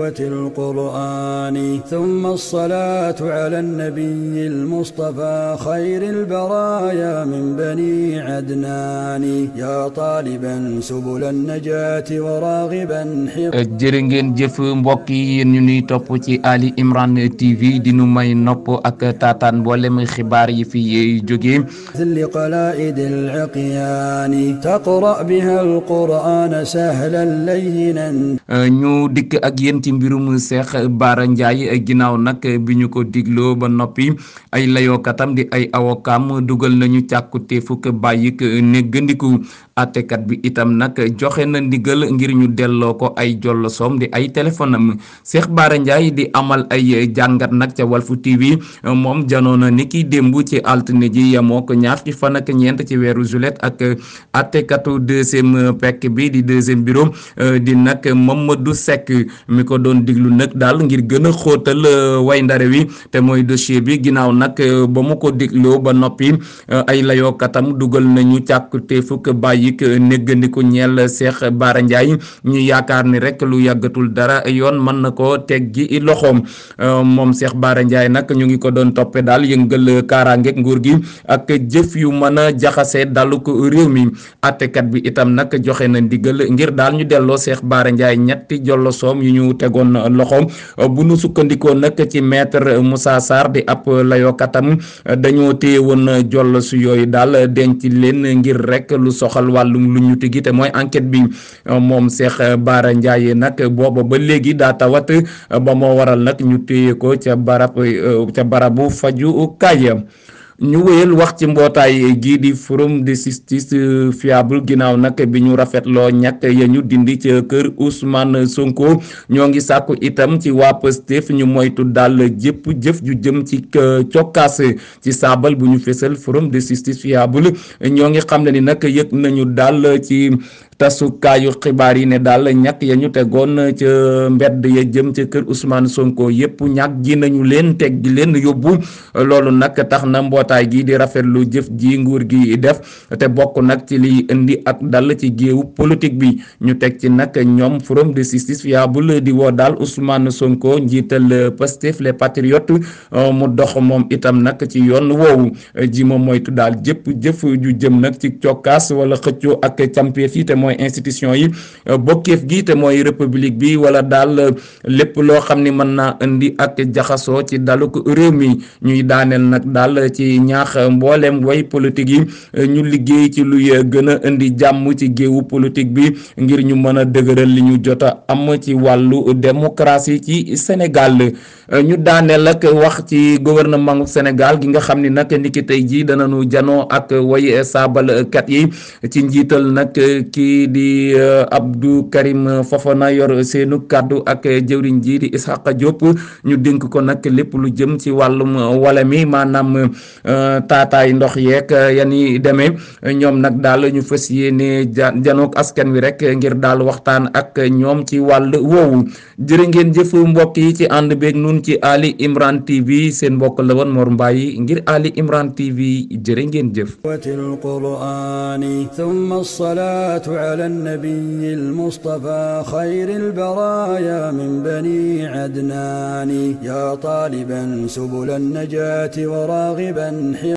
القرآن ثم الصلاة على النبي المصطفى خير البرايا من بني عدنان يا طالبا سبل النجاة وراغبا jërë ngeen jëf mbokk yi yéen ñu nuy topp ci Ali Imran TV dinu may nopp ak taataan mboolem xibaar yi fi yey jóge li qalaa'id al-iqyaan taqra biha al-Qur'aan sahlan layyinan ñu dikk ak yéen jëm ci mbirum Cheikh Bara Ndiaye ginnaaw nag bi ñu ko digloo ba noppi ay layookatam di ay awokaam dugal nañu càkkute fukk bàyyik ne gëndiku àttekat bi itam nag joxe na ndigal ngir ñu delloo ko ay jollosoom di ay téléphone am Cheikh Bara Ndiaye di amal ay jàngat nag ca Walfu TV moom janoo na ni ki démb ci altine ji yamoo ko ñaar ci fan ak ñeent ci weeru juillet ak àttekatu deuxième pekk bi di deuxième bureau di nag Mamadou Seck mi ko ko doon diglu nag daal ngir gën a xóotal euh, way ndare wi te mooy dossier bi ginnaaw nag euh, ba mu ko digloo ba noppi euh, ay layookatam dugal nañu càkkute fukk bàyyik néggandiku ñeel seex Bara Ndiaye ñu yaakaar ni rek lu yàggatul dara yoon mën na ko teggi loxoom moom Cheikh Bara Ndiaye nag ñu ngi ko doon toppee daal yëngal kaaraangeeg nguur gi ak jëf yu mën a jaxasee dalu ko réew mi àttekat bi itam nag joxe na ndigal ngir daal ñu delloo Cheikh Bara ñetti jollosoom yu ñu tegoon loxo bu nu sukkandikoo nag ci maître Moussa Sarr di ab layookatam dañoo téye woon joll yooyu daal denc leen ngir rekk lu soxal wàllum lu ñu tigi te mooy enquête bi moom Cheikh Bara Ndiaye nag booba ba léegi daa tawat ba moo waral nag ñu téye ko ca barab ca barabu faju kaay ñu wéyal wax ci mbootaay gii di forum de justice euh, fiable ginnaaw nag bi ñu rafetloo ñàkk ya ñu dindi ca kër Ousmane Sonko ñoo ngi sàkku itam ci waa Pastef ñu moytu dal jëpp jëf ju jëm ci cokkaas ci saabal bu ñu fésal forum de justice fiable ñoo ngi xam ne ni nag yëg nañu daal ci tasukaayu xibaar yi ne daal ñàkk ya ñu tegoon ca mbedd ya jëm ca kër Ousmane Sonko yépp ñàkk ji nañu leen teg gi leen yóbbu loolu nag tax na mbootaay gi di rafet lu jëf ji nguur gi def te bokk nag ci li indi ak dal ci géewu politique bi ñu teg ci nag ñoom forum de justice fiable di woo daal Ousmane Sonko njiital Pastef les patriotes mu dox moom itam nag ci yoon woowu ji ma moytu daal jëpp jëf ju jëm nag ci cokkaas wala xëccoo ak campé fii te mooy mooy institution yi euh, bokkeef gi te mooy république bi wala daal euh, lépp loo xam ni mën naa indi ak jaxasoo ci daluk réew mi ñuy daaneel nag daal ci ñaax mbooleem way politique yi euh, ñu liggéey ci luy gën a indi jàmm ci géewu politique bi ngir ñu mën a dëgëral li ñu jot a am ci wàllu démocratie ci Sénégal ñu daaneel ak wax ci gouvernement Sénégal gi nga xam ni nag ni ki tey jii danañu janoo ak way kat yi ci njiital nag kii di eh, Abdou Karim Fofana yor seenu kàddu ak jëwriñ ji di Isaaqa Diop ñu dénk ko nag lépp lu jëm ci wàllum wala mi maanaam eh, taataay ndox yeek yani demee ñoom nag daal ñu fës yéene janook askan wi rek ngir daal waxtaan ak ñoom ci wàll woowu jërë ngeen jëf mbokk yi ci ànd beeg nun ci Ali Imran TV seen mbokk la woon Mor Mbaye ngir Ali Imran TV jërë ngeen jëf watil qur'ani thumma as-salatu ala an-nabiy al-mustafa khayr al-baraya min bani adnani ya taliban subul an-najati wa raghiban